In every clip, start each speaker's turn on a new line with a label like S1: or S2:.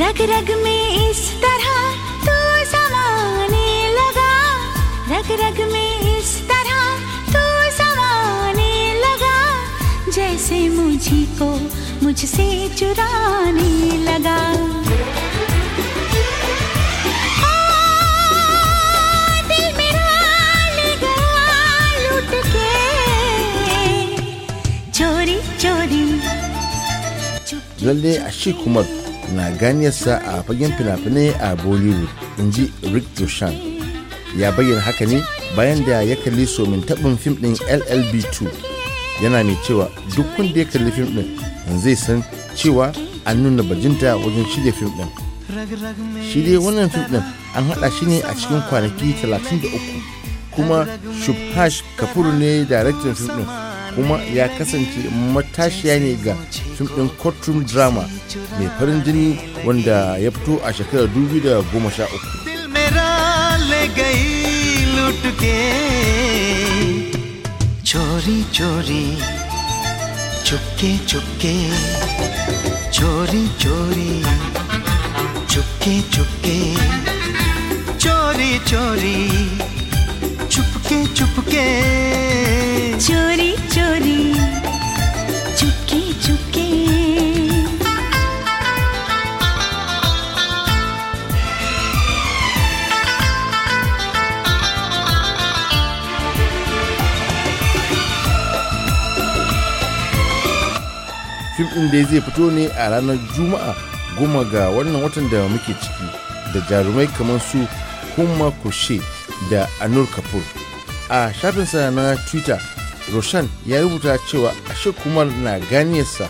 S1: रग रग में इस तरह तू तो समाने लगा रग रग में इस तरह तू तो समाने लगा जैसे मुझी को मुझसे चुराने लगा हाँ, जल्दी अच्छी Kumar na ganiyarsa a fagen fina-finai a bollywood in ji rick dushan ya bayyana haka ne bayan da ya kalli somin taɓin fim ɗin llb2 yana mai cewa duk wanda ya kalli fim ɗin zai san cewa an nuna bajinta wajen shirya fim ɗin shi dai wannan fim ɗin an haɗa shi ne a cikin kwanaki 33 kuma shubhash kafuru ne daraktan fim ɗin kuma ya kasance matashiya ne ga fim ɗin courtroom drama mai farin jini wanda ya fito a shekarar 2013 चोरी चोरी चुपके चुपके चोरी fim ɗin da zai fito ne a ranar juma'a goma ga wannan watan da muke ciki da jarumai kamar su kuma kushe da anur kapoor a shafinsa na twitter roshan ya rubuta cewa ashe kumar na ganiyarsa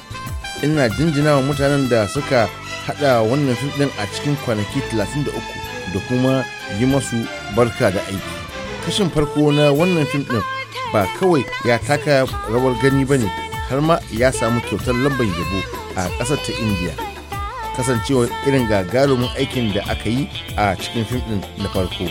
S1: ina jinjina wa mutanen da suka hada wannan fim ɗin a cikin kwanaki 33 da kuma yi masu barka da aiki kashin farko na wannan fim ɗin ba kawai ya taka rawar gani ba ne har ma ya samu kyautar lambar yabo a ƙasar ta indiya kasancewar irin gagarumin aikin da aka yi a cikin fim ɗin na farko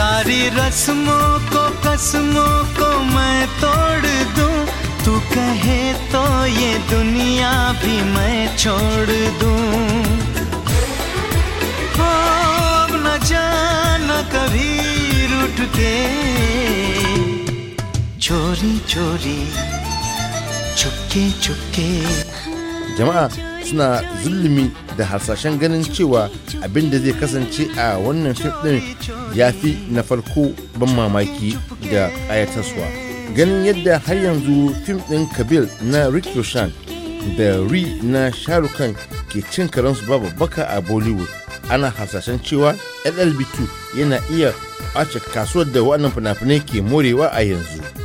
S1: सारी रस्मों को कसमों को मैं तोड़ दूं तू कहे तो ये दुनिया भी मैं छोड़ दूं हो न जाना कभी रूठ के चोरी चोरी चुपके चुपके जमा suna zulumi da harsashen ganin cewa abin da zai kasance a wannan fim din ya fi na farko ban mamaki da ƙayatarsuwa. ganin yadda har yanzu fim ɗin kabil na rick roshan da ri na sharukan ke cin karansu babu baka a bollywood ana hasashen cewa llb2 yana iya ace kasuwar da wannan fina-finai ke morewa a yanzu